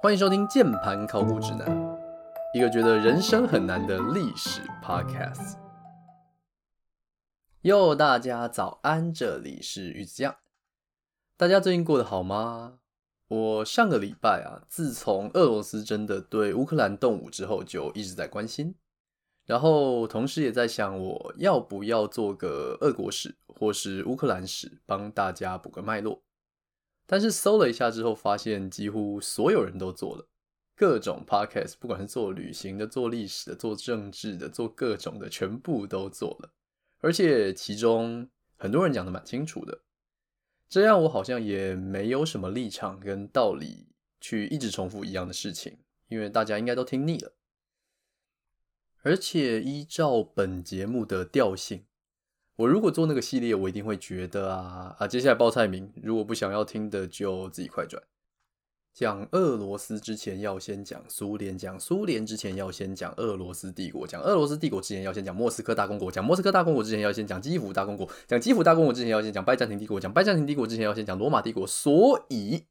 歡迎收聽《鍵盤考古指南》，一個覺得人生很難的歷史 podcast。喲，大家早安，這裡是魚子醬。大家最近過得好嗎？我上個禮拜啊，自從俄羅斯真的對烏克蘭動武之後，就一直在關心，然後同時也在想，我要不要做個俄國史或是烏克蘭史，幫大家補個脈絡。但是搜了一下之後，發現幾乎所有人都做了各種 podcast，不管是做旅行的、做歷史的、做政治的、做各種的，全部都做了。而且其中很多人講的蠻清楚的，這樣我好像也沒有什麼立場跟道理去一直重複一樣的事情，因為大家應該都聽膩了。而且依照本節目的調性。我如果做那個系列，我一定會覺得啊啊！接下來報菜名，如果不想要聽的，就自己快轉。講俄羅斯之前要先講蘇聯，講蘇聯之前要先講俄羅斯帝國，講俄羅斯帝國之前要先講莫斯科大公國，講莫斯科大公國之前要先講基輔大公國，講基輔大公國之前要先講拜占庭帝國，講拜占庭帝國之前要先講羅馬帝國。所以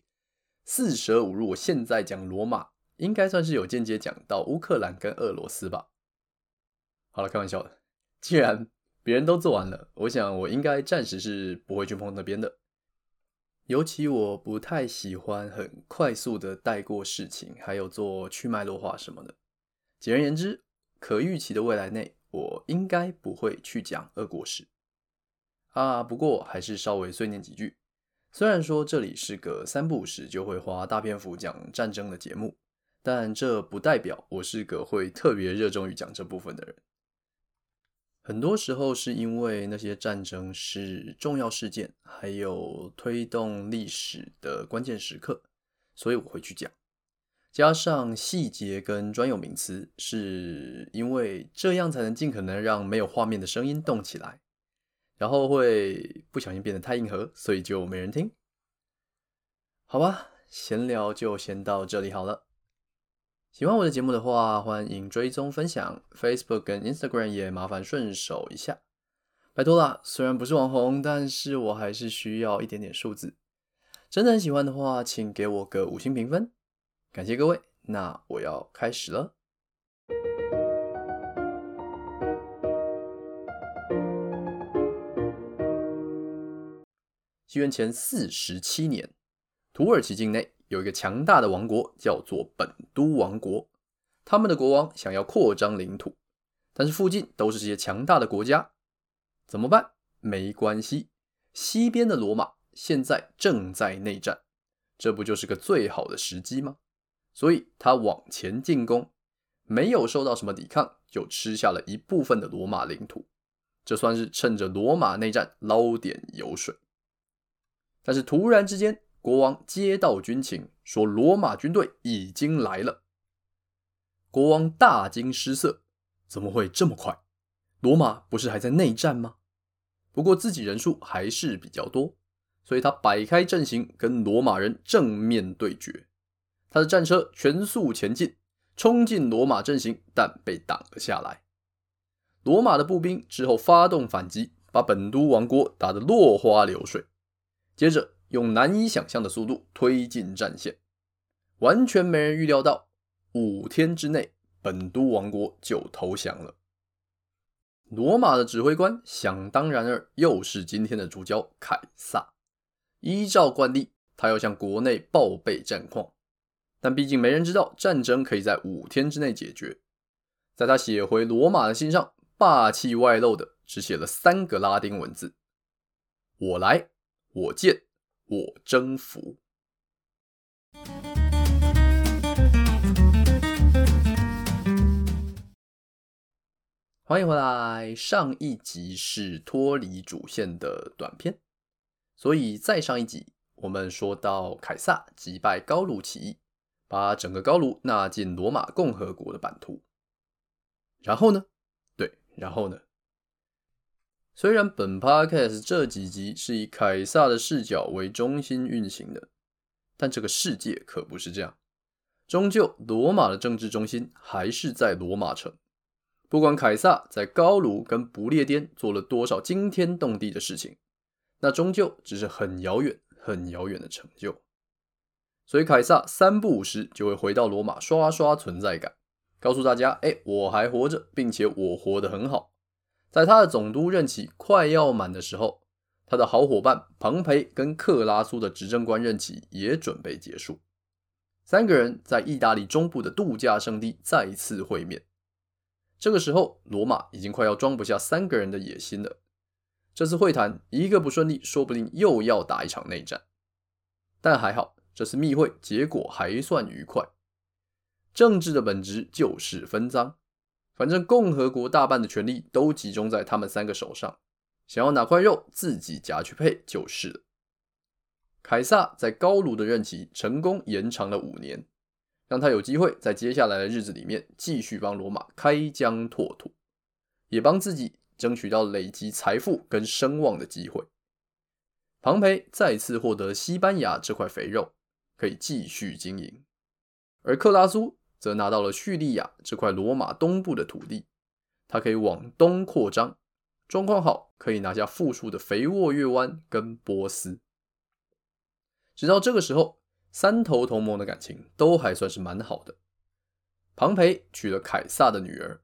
四捨五入，我現在講羅馬，應該算是有間接講到烏克蘭跟俄羅斯吧？好了，開玩笑的，既然。別人都做完了，我想我應該暫時是不會去碰那邊的。尤其我不太喜歡很快速的帶過事情，還有做去脈絡化什麼的。簡而言之，可預期的未來內，我應該不會去講俄國史。啊，不過還是稍微碎念幾句。雖然說這裡是個三不五時就會花大篇幅講戰爭的節目，但這不代表我是個會特別熱衷於講這部分的人。很多時候是因為那些戰爭是重要事件，還有推動歷史的關鍵時刻，所以我會去講。加上細節跟專有名詞，是因為這樣才能盡可能讓沒有畫面的聲音動起來。然後會不小心變得太硬核，所以就沒人聽。好吧，閒聊就先到這裡好了。喜歡我的節目的話，歡迎追蹤分享，Facebook 跟 Instagram 也麻煩順手一下，拜託啦。雖然不是網紅，但是我還是需要一點點數字。真的很喜歡的話，請給我個五星評分，感謝各位。那我要開始了。西元前四十七年，土耳其境內。有一個強大的王國叫做本都王國，他們的國王想要擴張領土，但是附近都是一些強大的國家，怎麼辦？沒關係，西邊的羅馬現在正在內戰，這不就是個最好的時機嗎？所以他往前進攻，沒有受到什麼抵抗，就吃下了一部分的羅馬領土，這算是趁着羅馬內戰撈點油水。但是突然之間。國王接到軍情，說羅馬軍隊已經來了。國王大驚失色，怎麼會這麼快？羅馬不是還在內戰嗎？不過自己人數還是比較多，所以他擺開陣型，跟羅馬人正面對決。他的戰車全速前進，衝進羅馬陣型，但被擋了下來。羅馬的步兵之後發動反擊，把本都王國打得落花流水。接着，用難以想象的速度推進戰線，完全沒人預料到，五天之內本都王國就投降了。羅馬的指揮官想當然耳，又是今天的主角凱撒。依照慣例，他要向國內報備戰況，但畢竟沒人知道戰爭可以在五天之內解決。在他寫回羅馬的信上，霸氣外露的只寫了三個拉丁文字：我來，我見。我征服。歡迎回來。上一集是脫離主線的短片，所以再上一集，我們說到凱撒擊敗高盧起義，把整個高盧納進羅馬共和國的版圖。然後呢？對，然後呢？雖然本 podcast 這幾集是以凱撒的視角為中心運行的，但這個世界可不是這樣。終究，羅馬的政治中心還是在羅馬城。不管凱撒在高盧跟不列顛做了多少驚天動地的事情，那終究只是很遙遠、很遙遠的成就。所以，凱撒三不五時就會回到羅馬，刷刷存在感，告訴大家：“誒，我還活着，並且我活得很好。”在他的總督任期快要滿的時候，他的好夥伴龐培跟克拉蘇的執政官任期也準備結束，三個人在意大利中部的度假勝地再次會面。這個時候，羅馬已經快要裝不下三個人的野心了。這次會談一個不順利，說不定又要打一場內戰。但還好，這次密會結果還算愉快。政治的本質就是分贓。反正共和國大半的權力都集中在他們三個手上，想要哪塊肉自己夾去配就是了。凱撒在高盧的任期成功延長了五年，讓他有機會在接下來的日子裡面繼續幫羅馬開疆拓土，也幫自己爭取到累積財富跟聲望的機會。龐培再次獲得西班牙這塊肥肉，可以繼續經營，而克拉蘇。則拿到了敘利亞這塊羅馬東部的土地，他可以往東擴張，狀況好，可以拿下富庶的肥沃月彎跟波斯。直到這個時候，三頭同盟的感情都還算是蠻好的。龐培娶了凱撒的女兒，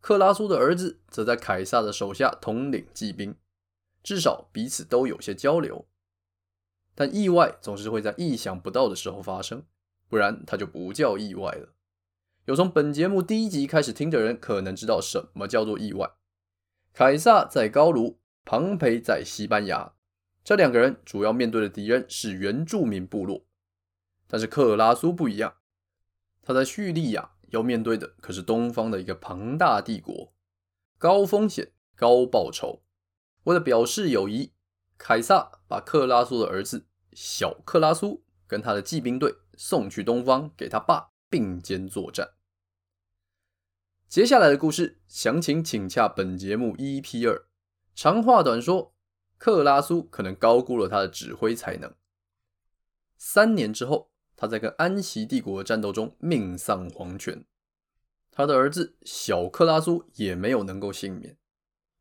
克拉蘇的兒子則在凱撒的手下統領騎兵，至少彼此都有些交流。但意外總是會在意想不到的時候發生，不然它就不叫意外了。有從本節目第一集開始聽的人，可能知道什麼叫做意外。凱撒在高盧，龐培在西班牙，這兩個人主要面對的敵人是原住民部落。但是克拉蘇不一樣，他在敘利亞要面對的可是東方的一個龐大帝國，高風險高報酬。為了表示友誼，凱撒把克拉蘇的兒子小克拉蘇跟他的騎兵隊送去東方給他爸。並肩作戰。接下來的故事詳情，請洽本節目 EP 二。長話短說，克拉蘇可能高估了他的指揮才能。三年之後，他在跟安息帝國的戰鬥中命喪黃泉，他的兒子小克拉蘇也沒有能夠倖免。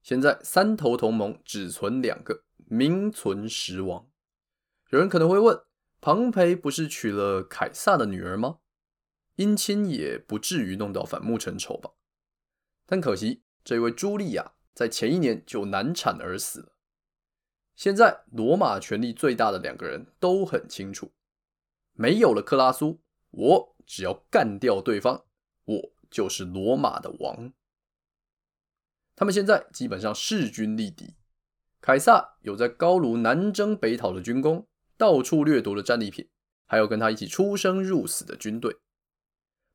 現在三頭同盟只存兩個，名存實亡。有人可能會問：龐培不是娶了凱撒的女兒嗎？姻親也不至於弄到反目成仇吧？但可惜，這位朱莉婭在前一年就難產而死了。現在，羅馬權力最大的兩個人都很清楚，沒有了克拉蘇，我只要幹掉對方，我就是羅馬的王。他們現在基本上勢均力敵。凱撒有在高盧南征北討的軍功，到處掠奪了戰利品，還有跟他一起出生入死的軍隊。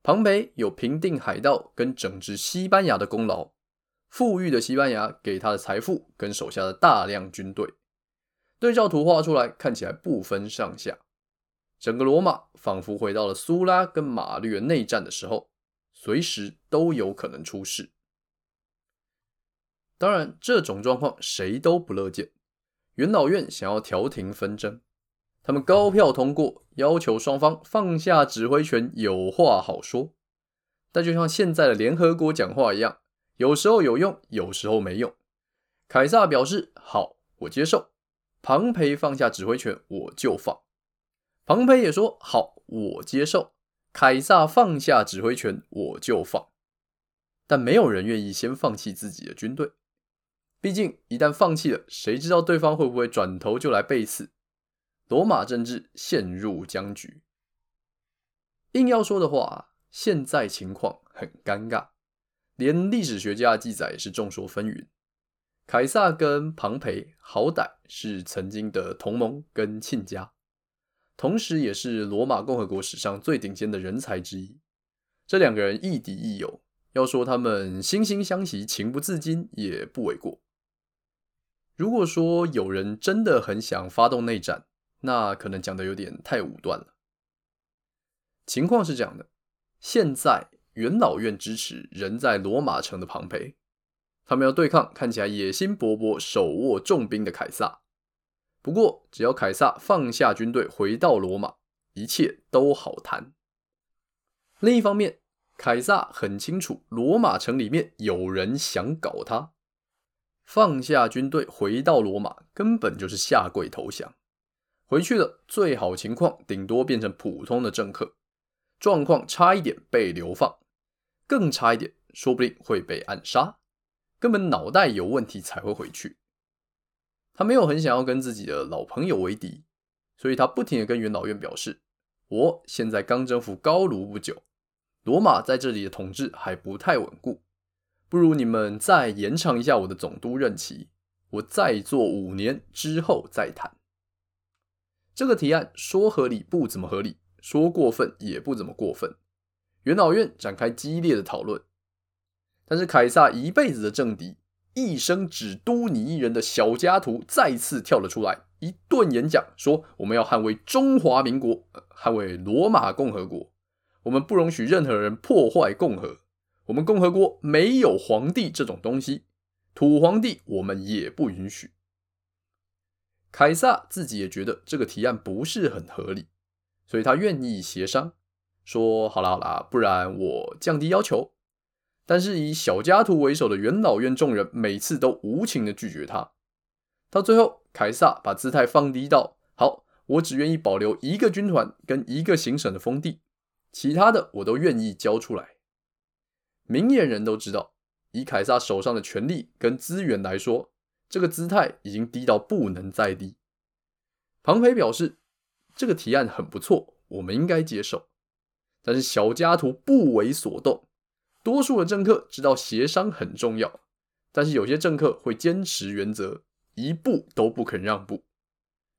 龐培有平定海盜跟整治西班牙的功勞，富裕的西班牙給他的財富跟手下的大量軍隊，對照圖畫出來看起來不分上下。整個羅馬仿佛回到了蘇拉跟馬略內戰的時候，隨時都有可能出事。當然，這種狀況誰都不樂見，元老院想要調停紛爭。他們高票通過，要求雙方放下指揮權，有話好說。但就像現在的聯合國講話一樣，有時候有用，有時候沒用。凱撒表示：“好，我接受。”龐培放下指揮權，我就放。龐培也說：“好，我接受。”凱撒放下指揮權，我就放。但沒有人願意先放棄自己的軍隊，畢竟一旦放棄了，誰知道對方會不會轉頭就來背刺？羅馬政治陷入僵局。硬要說的話，現在情況很尷尬，連歷史學家的記載是眾說紛紜。凱撒跟龐培好歹是曾經的同盟跟親家，同時也是羅馬共和國史上最頂尖的人才之一。這兩個人亦敵亦友，要說他們惺惺相惜、情不自禁，也不為過。如果說有人真的很想發動內戰，那可能講的有點太武斷了。情況是這樣的：現在元老院支持人在羅馬城的龐培，他們要對抗看起來野心勃勃、手握重兵的凱撒。不過，只要凱撒放下軍隊回到羅馬，一切都好談。另一方面，凱撒很清楚，羅馬城裡面有人想搞他。放下軍隊回到羅馬，根本就是下跪投降。回去的最好情況，頂多變成普通的政客；狀況差一點被流放，更差一點，說不定會被暗殺。根本腦袋有問題才會回去。他沒有很想要跟自己的老朋友為敵，所以他不停的跟元老院表示：“我現在剛征服高盧不久，羅馬在這裡的統治還不太穩固，不如你們再延長一下我的總督任期，我再做五年之後再談。”這個提案說合理不怎麼合理，說過分也不怎麼過分。元老院展開激烈的討論，但是凱撒一輩子的政敵，一生只懟你一人的小加圖再次跳了出來，一頓演講說：“我們要捍衛中華民國，捍衛羅馬共和國。我們不容許任何人破壞共和。我們共和國沒有皇帝這種東西，土皇帝我們也不允許。”凱撒自己也覺得這個提案不是很合理，所以他願意協商，說好啦好啦，不然我降低要求。但是以小加圖為首的元老院眾人每次都無情的拒絕他。到最後，凱撒把姿態放低到：好，我只願意保留一個軍團跟一個行省的封地，其他的我都願意交出來。明眼人都知道，以凱撒手上的權力跟資源來說。這個姿態已經低到不能再低。龐培表示，這個提案很不錯，我們應該接受。但是小加圖不為所動。多數的政客知道協商很重要，但是有些政客會堅持原則，一步都不肯讓步。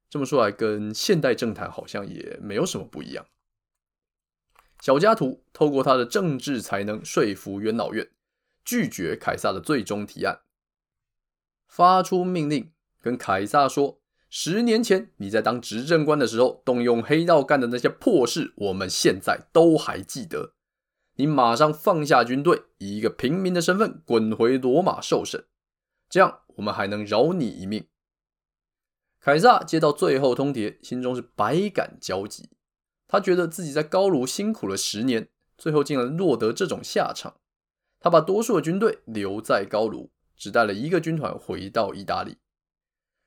這麼說來，跟現代政壇好像也沒有什麼不一樣。小加圖透過他的政治才能說服元老院拒絕凱撒的最終提案。發出命令，跟凱撒說：十年前你在當執政官的時候，動用黑道幹的那些破事，我們現在都還記得。你馬上放下軍隊，以一個平民的身份滾回羅馬受審，這樣我們還能饒你一命。凱撒接到最後通牒，心中是百感交集。他覺得自己在高盧辛苦了十年，最後竟然落得這種下場。他把多數的軍隊留在高盧。只帶了一個軍團回到意大利。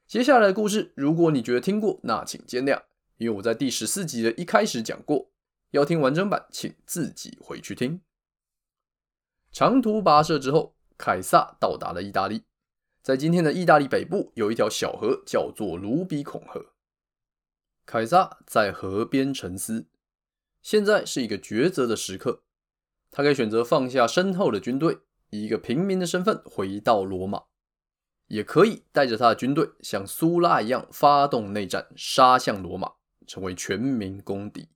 接下來的故事，如果你覺得聽過，那請見諒，因為我在第十四集的一開始講過。要聽完整版，請自己回去聽。長途跋涉之後，凱撒到達了意大利。在今天的意大利北部，有一條小河叫做盧比孔河。凱撒在河邊沉思，現在是一個抉擇的時刻，他可以選擇放下身後的軍隊。以一個平民的身份回到羅馬，也可以帶着他的軍隊像蘇拉一樣發動內戰，殺向羅馬，成為全民公敵。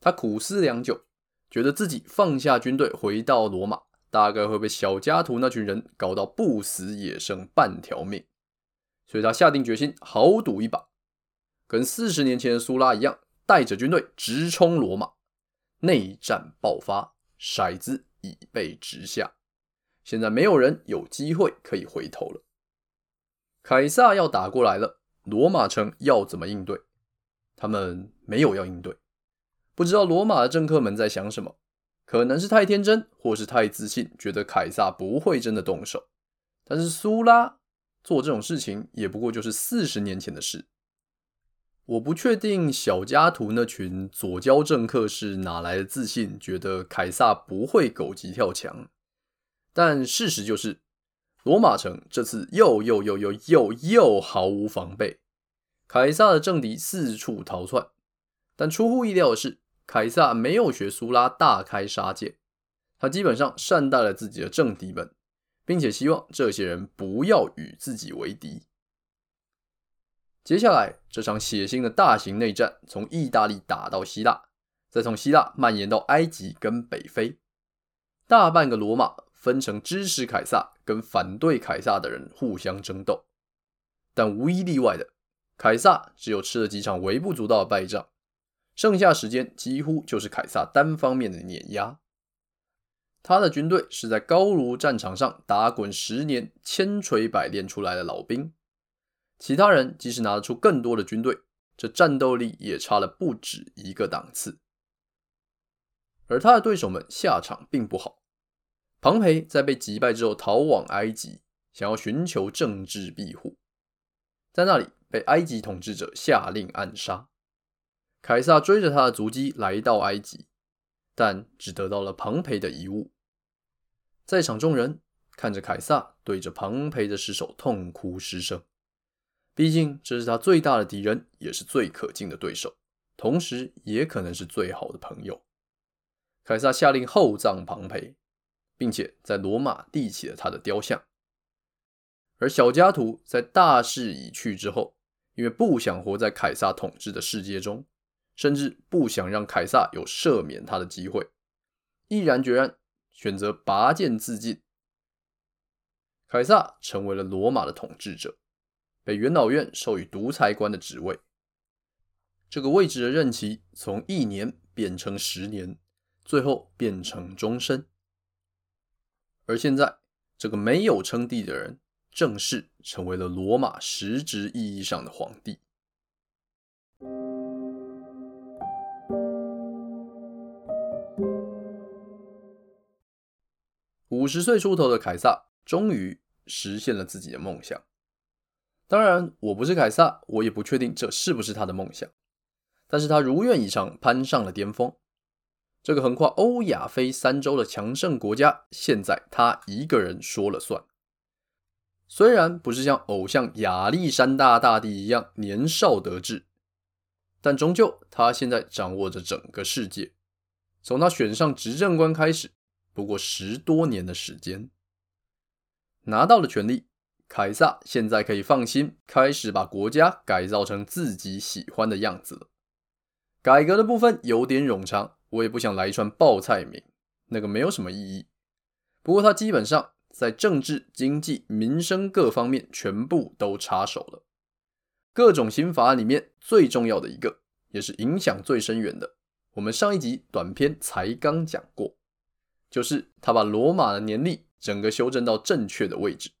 他苦思良久，覺得自己放下軍隊回到羅馬，大概會被小加圖那群人搞到不死也剩半條命。所以他下定決心豪賭一把，跟四十年前的蘇拉一樣，帶着軍隊直衝羅馬。內戰爆發，骰子，已被擲下，現在沒有人有機會可以回頭了。凱撒要打過來了，羅馬城要怎麼應對？他們沒有要應對。不知道羅馬的政客們在想什麼，可能是太天真，或是太自信，覺得凱撒不會真的動手。但是蘇拉做這種事情，也不過就是四十年前的事。我不確定小家徒那群左交政客是哪來的自信，覺得凱撒不會狗急跳牆。但事實就是，羅馬城這次又，又又又又又又毫無防備，凱撒的政敵四處逃竄。但出乎意料的是，凱撒沒有學蘇拉大開殺戒，他基本上善待了自己的政敵們，並且希望這些人不要與自己為敵。接下來，這場血腥的大型內戰從意大利打到希臘，再從希臘蔓延到埃及跟北非，大半個羅馬分成支持凱撒跟反對凱撒的人互相爭鬥。但無一例外的，凱撒只有吃了幾場微不足道的敗仗，剩下時間幾乎就是凱撒單方面的碾壓。他的軍隊是在高盧戰場上打滾十年，千錘百煉出來的老兵。其他人即使拿得出更多的軍隊，這戰鬥力也差了不止一個檔次。而他的對手們下場並不好，龐培在被擊敗之後逃往埃及，想要尋求政治庇護，在那裡被埃及統治者下令暗殺。凱撒追着他的足跡來到埃及，但只得到了龐培的遺物。在場眾人看着凱撒對着龐培的屍首痛哭失聲。畢竟，這是他最大的敵人，也是最可敬的對手，同時也可能是最好的朋友。凱撒下令厚葬龐培，並且在羅馬立起了他的雕像。而小加圖在大勢已去之後，因為不想活在凱撒統治的世界中，甚至不想讓凱撒有赦免他的機會，毅然決然選擇拔劍自盡。凱撒成為了羅馬的統治者。被元老院授予獨裁官的職位，這個位置的任期從一年變成十年，最後變成終身。而現在，這個沒有稱帝的人正式成為了羅馬實質意義上的皇帝。五十歲出頭的凱撒終於實現了自己的夢想。當然，我不是凱撒，我也不確定這是不是他的夢想。但是他如願以償，攀上了巔峰。這個橫跨歐亞非三洲的強盛國家，現在他一個人說了算。雖然不是像偶像亞歷山大大帝一樣年少得志，但終究他現在掌握着整個世界。從他選上執政官開始，不過十多年的時間，拿到了權力。凱撒現在可以放心開始把國家改造成自己喜歡的樣子了。改革的部分有點冗長，我也不想來一串報菜名，那個沒有什麼意義。不過他基本上在政治、經濟、民生各方面全部都插手了。各種新法案裡面最重要的一個，也是影響最深遠的，我們上一集短篇才剛講過，就是他把羅馬的年曆整個修正到正確的位置。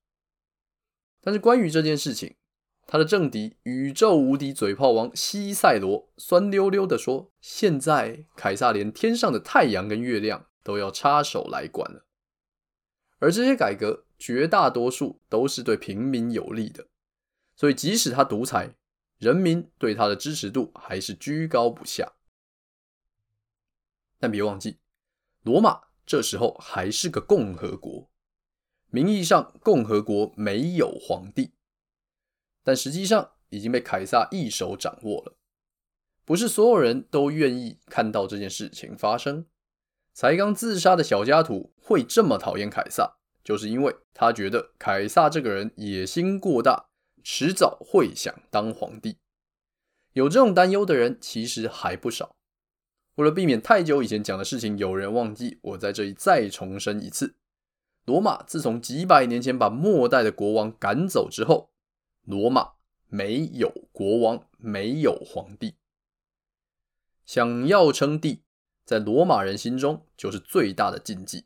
但是關於這件事情，他的政敵宇宙無敵嘴炮王西塞羅酸溜溜的說：“現在凱撒連天上的太陽跟月亮都要插手來管了。”而這些改革絕大多數都是對平民有利的，所以即使他獨裁，人民對他的支持度還是居高不下。但別忘記，羅馬這時候還是個共和國。名義上，共和國沒有皇帝，但實際上已經被凱撒一手掌握了。不是所有人都願意看到這件事情發生。才剛自殺的小加圖會這麼討厭凱撒，就是因為他覺得凱撒這個人野心過大，遲早會想當皇帝。有這種擔憂的人其實還不少。為了避免太久以前講的事情有人忘記，我在這裡再重申一次。羅馬自從幾百年前把末代的國王趕走之後，羅馬沒有國王，沒有皇帝。想要稱帝，在羅馬人心中就是最大的禁忌。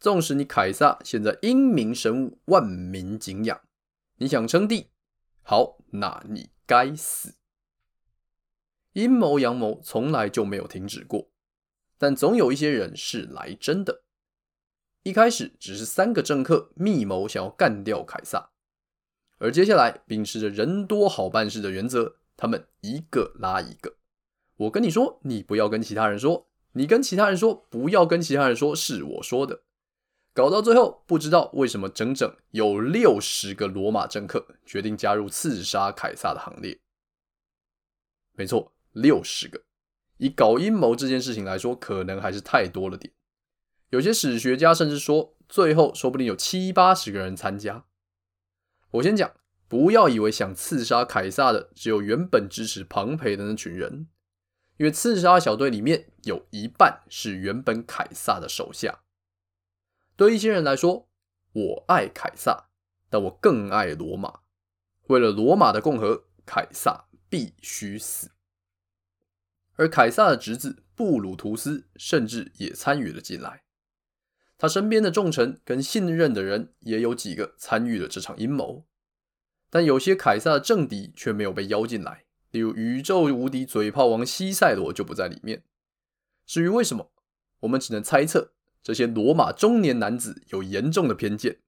縱使你凱撒現在英明神武，萬民景仰，你想稱帝，好，那你該死。陰謀陽謀從來就沒有停止過，但總有一些人是來真的。一開始只是三個政客密謀想要幹掉凱撒，而接下來秉持着人多好辦事的原則，他們一個拉一個。我跟你說，你不要跟其他人說，你跟其他人說不要跟其他人說，是我說的。搞到最後，不知道為什麼，整整有六十個羅馬政客決定加入刺殺凱撒的行列。沒錯，六十個。以搞陰謀這件事情來說，可能還是太多了點。有些史學家甚至說，最後說不定有七八十個人參加。我先講，不要以為想刺殺凱撒的只有原本支持龐培的那群人，因為刺殺小隊裡面有一半是原本凱撒的手下。對一些人來說，我愛凱撒，但我更愛羅馬。為了羅馬的共和，凱撒必須死。而凱撒的侄子布魯圖斯甚至也參與了進來。他身邊的重臣跟信任的人也有幾個參與了這場陰謀，但有些凱撒的政敵卻沒有被邀進來，例如宇宙無敵嘴炮王西塞羅就不在裡面。至於為什麼，我們只能猜測：這些羅馬中年男子有嚴重的偏見，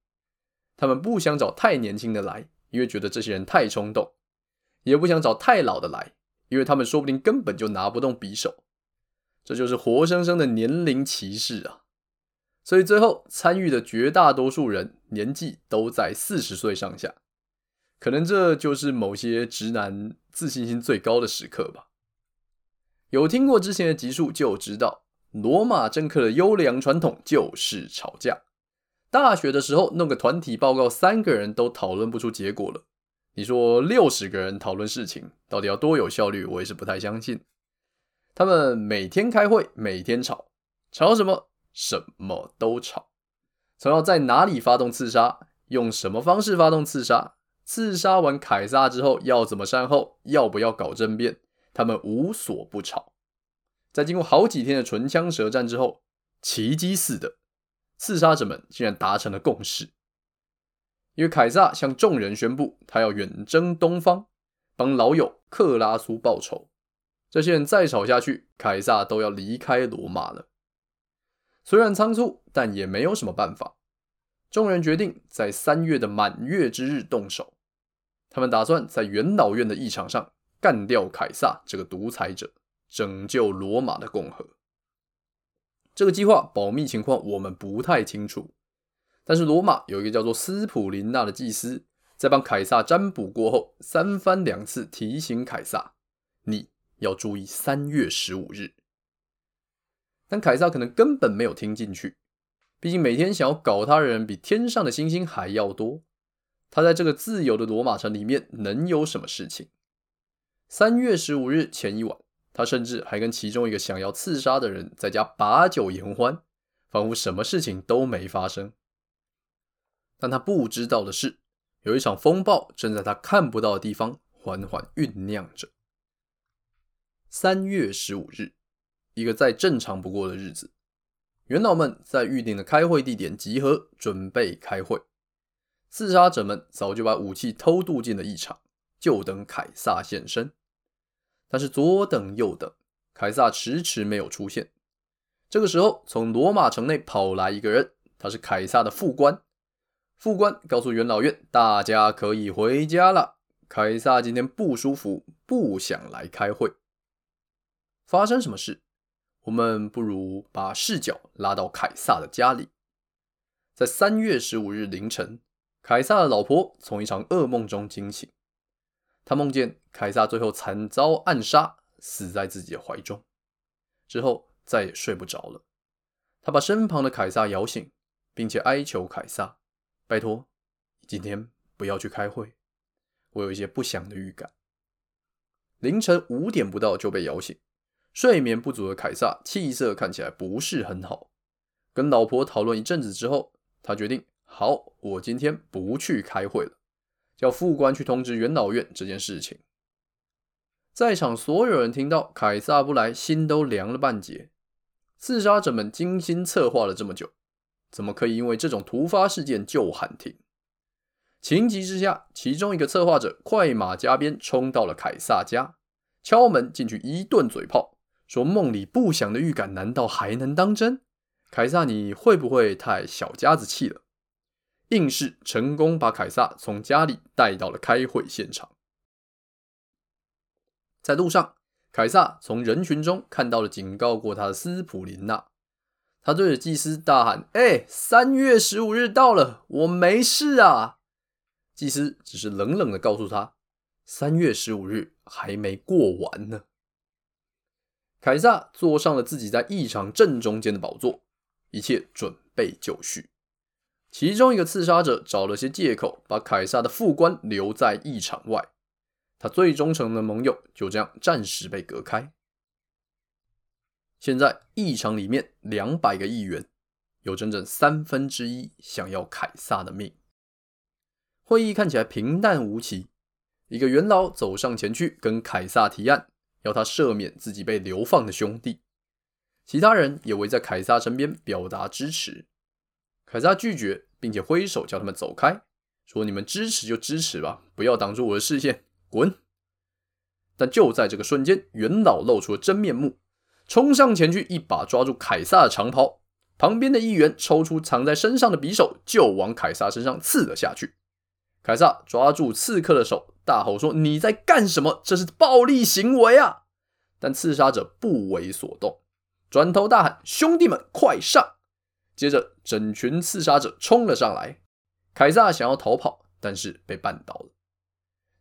他們不想找太年輕的來，因為覺得這些人太衝動；也不想找太老的來，因為他們說不定根本就拿不動匕首。這就是活生生的年齡歧視啊！所以最後參與的絕大多數人年紀都在四十歲上下，可能這就是某些直男自信心最高的時刻吧。有聽過之前的集數就知道，羅馬政客的優良傳統就是吵架。大學的時候弄個團體報告，三個人都討論不出結果了。你說六十個人討論事情，到底要多有效率？我也是不太相信。他們每天開會，每天吵，吵什麼？什麼都吵，從要在哪裡發動刺殺，用什麼方式發動刺殺，刺殺完凱撒之後要怎麼善後，要不要搞政變，他們無所不吵。在經過好幾天的唇槍舌戰之後，奇蹟似的，刺殺者們竟然達成了共識。因為凱撒向眾人宣布他要遠征東方，幫老友克拉蘇報仇，這些人再吵下去，凱撒都要離開羅馬了。雖然倉促，但也沒有什麼辦法。眾人決定在三月的滿月之日動手。他們打算在元老院的議場上幹掉凱撒這個獨裁者，拯救羅馬的共和。這個計劃保密情況我們不太清楚，但是羅馬有一個叫做斯普林納的祭司，在幫凱撒占卜過後，三番兩次提醒凱撒，你要注意三月十五日。但凱撒可能根本沒有聽進去，畢竟每天想要搞他的人比天上的星星還要多。他在這個自由的羅馬城裡面能有什麼事情？三月十五日前一晚，他甚至還跟其中一個想要刺殺的人在家把酒言歡，仿佛什麼事情都沒發生。但他不知道的是，有一場風暴正在他看不到的地方緩緩醞釀着。三月十五日。一個再正常不過的日子，元老們在預定的開會地點集合，準備開會。刺殺者們早就把武器偷渡進了議場，就等凱撒現身。但是左等右等，凱撒遲遲沒有出現。這個時候，從羅馬城內跑來一個人，他是凱撒的副官。副官告訴元老院，大家可以回家了。凱撒今天不舒服，不想來開會。發生什麼事？我們不如把視角拉到凱撒的家裡。在三月十五日凌晨，凱撒的老婆從一場噩夢中驚醒，她夢見凱撒最後慘遭暗殺，死在自己的懷中，之後再也睡不着了。她把身旁的凱撒搖醒，並且哀求凱撒：“拜托，今天不要去開會，我有一些不祥的預感。”凌晨五點不到就被搖醒。睡眠不足的凱撒氣色看起來不是很好，跟老婆討論一陣子之後，他決定：好，我今天不去開會了，叫副官去通知元老院這件事情。在場所有人聽到凱撒不來，心都涼了半截。刺殺者們精心策劃了這麼久，怎麼可以因為這種突發事件就喊停？情急之下，其中一個策劃者快馬加鞭衝到了凱撒家，敲門進去一頓嘴炮。說夢裡不祥的預感難道還能當真？凱撒，你會不會太小家子氣了？硬是成功把凱撒從家裡帶到了開會現場。在路上，凱撒從人群中看到了警告過他的斯普林娜，他對着祭司大喊：“欸，三月十五日到了，我沒事啊！”祭司只是冷冷的告訴他：“三月十五日還沒過完呢。”凱撒坐上了自己在議場正中間的寶座，一切準備就緒。其中一個刺殺者找了些借口，把凱撒的副官留在議場外，他最忠誠的盟友就這樣暫時被隔開。現在議場裡面兩百個議員，有整整三分之一想要凱撒的命。會議看起來平淡無奇，一個元老走上前去跟凱撒提案。要他赦免自己被流放的兄弟，其他人也圍在凱撒身邊表達支持。凱撒拒絕，並且揮手叫他們走開，說：“你們支持就支持吧，不要擋住我的視線，滾！”但就在這個瞬間，元老露出了真面目，衝上前去一把抓住凱撒的長袍。旁邊的議員抽出藏在身上的匕首，就往凱撒身上刺了下去。凱撒抓住刺客的手。大吼說：“你在幹什麼？這是暴力行為啊！”但刺殺者不為所動，轉頭大喊：“兄弟們，快上！”接着，整群刺殺者衝了上來。凱撒想要逃跑，但是被絆倒了。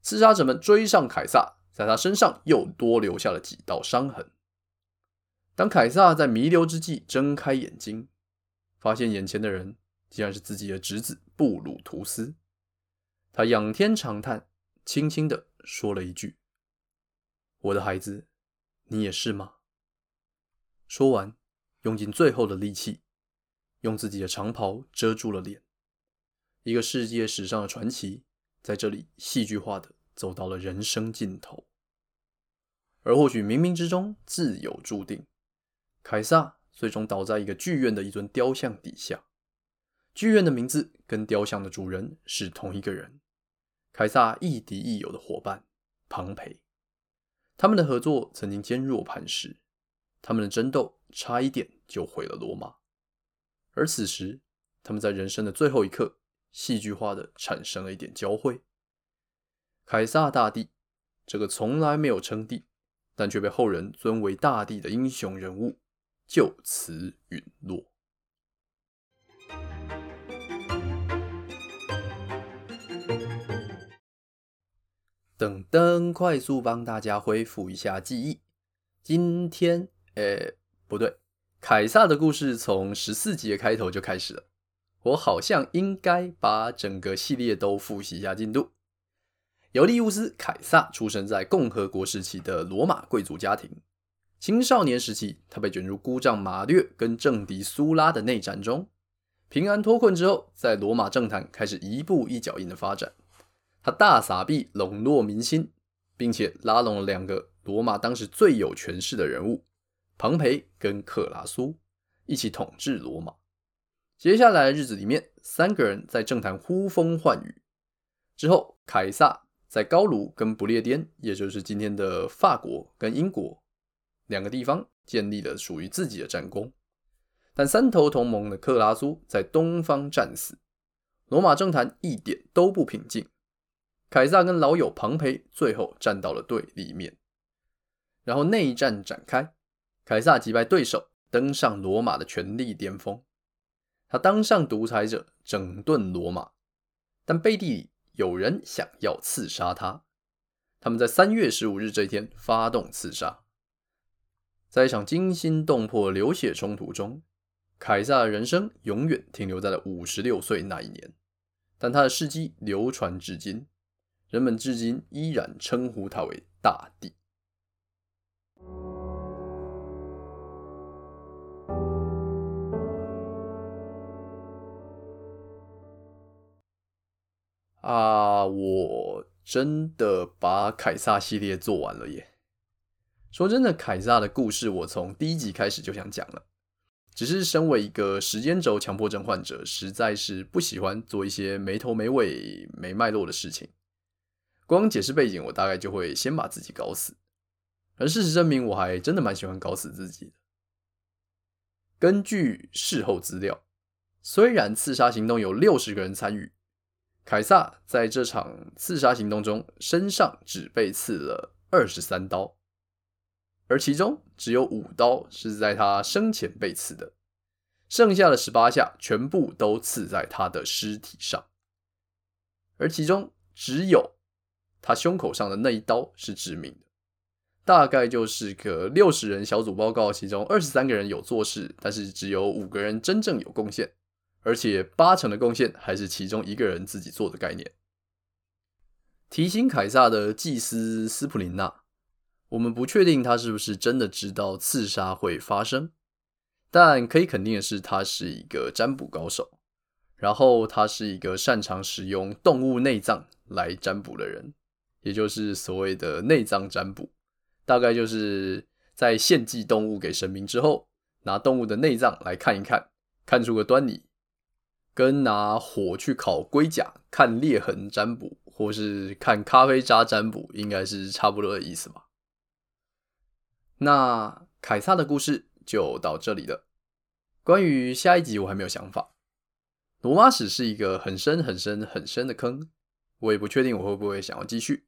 刺殺者們追上凱撒，在他身上又多留下了幾道傷痕。當凱撒在彌留之際睜開眼睛，發現眼前的人竟然是自己的侄子布魯圖斯，他仰天長嘆。輕輕的說了一句：“我的孩子，你也是嗎？”說完，用盡最後的力氣，用自己的長袍遮住了臉。一個世界史上的傳奇，在這裡戲劇化的走到了人生盡頭。而或許冥冥之中自有注定，凱撒最終倒在一個劇院的一尊雕像底下。劇院的名字跟雕像的主人是同一個人。凱撒亦敵亦友的夥伴龐培，他們的合作曾經堅若磐石，他們的爭鬥差一點就毀了羅馬。而此時，他們在人生的最後一刻，戲劇化的產生了一點交匯。凱撒大帝，這個從來沒有稱帝，但卻被後人尊為大帝的英雄人物，就此隕落。噔噔，快速幫大家恢復一下記憶。今天，誒、欸，不對，凱撒的故事從十四集的開頭就開始了。我好像應該把整個系列都複習一下進度。尤利烏斯·凱撒出生在共和國時期的羅馬貴族家庭。青少年時期，他被捲入姑丈馬略跟政敵蘇拉的內戰中。平安脫困之後，在羅馬政壇開始一步一腳印的發展。他大撒幣籠絡民心，並且拉攏了兩個羅馬當時最有權勢的人物龐培跟克拉蘇一起統治羅馬。接下來的日子裡面，三個人在政壇呼風喚雨。之後，凱撒在高盧跟不列顛，也就是今天的法國跟英國兩個地方建立了屬於自己的戰功。但三頭同盟的克拉蘇在東方戰死，羅馬政壇一點都不平靜。凱撒跟老友龐培最後站到了對立面，然後內戰展開。凱撒擊敗對手，登上羅馬的權力巔峰。他當上獨裁者，整頓羅馬，但背地裡有人想要刺殺他。他們在三月十五日這一天發動刺殺，在一場驚心動魄的流血衝突中，凱撒的人生永遠停留在了五十六歲那一年。但他的事跡流傳至今。人們至今依然稱呼他為大帝。啊，我真的把凱撒系列做完了耶！說真的，凱撒的故事我從第一集開始就想講了，只是身為一個時間軸強迫症患者，實在是不喜歡做一些沒頭沒尾、沒脈絡的事情。光解釋背景，我大概就會先把自己搞死。而事實證明，我還真的蠻喜歡搞死自己的。根據事後資料，雖然刺殺行動有六十個人參與，凱撒在這場刺殺行動中身上只被刺了二十三刀，而其中只有五刀是在他生前被刺的，剩下的十八下全部都刺在他的屍體上，而其中只有。他胸口上的那一刀是致命的，大概就是個六十人小組報告，其中二十三個人有做事，但是只有五個人真正有貢獻，而且八成的貢獻還是其中一個人自己做的概念。提醒凱撒的祭司斯普林娜，我們不確定他是不是真的知道刺殺會發生，但可以肯定的是，他是一個占卜高手，然後他是一個擅長使用動物內臟來占卜的人。也就是所謂的內臟占卜，大概就是在獻祭動物給神明之後，拿動物的內臟來看一看，看出個端倪，跟拿火去烤龜甲，看裂痕占卜，或是看咖啡渣占卜，應該是差不多的意思吧。那凱撒的故事就到這裡了。關於下一集，我還沒有想法。羅馬史是一個很深很深很深的坑，我也不確定我會不會想要繼續。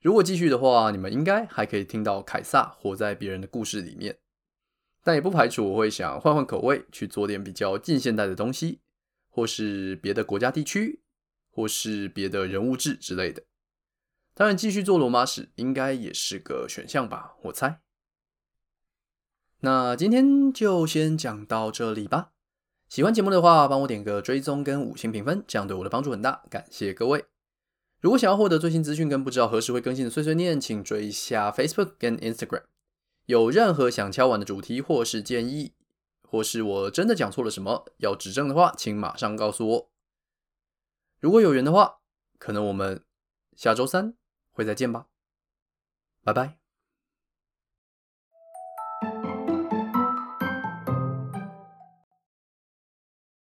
如果繼續的話，你們應該還可以聽到凱撒活在別人的故事裡面，但也不排除我會想換換口味，去做點比較近現代的東西，或是別的國家地區，或是別的人物誌之類的。當然，繼續做羅馬史應該也是個選項吧，我猜。那今天就先講到這裡吧。喜歡節目的話，幫我點個追蹤跟五星評分，這樣對我的幫助很大，感謝各位。如果想要獲得最新資訊跟不知道何時會更新的碎碎念，請追一下 Facebook 跟 Instagram。有任何想敲碗的主題或是建議，或是我真的講錯了什麼要指正的話，請馬上告訴我。如果有緣的話，可能我們下周三會再見吧。拜拜。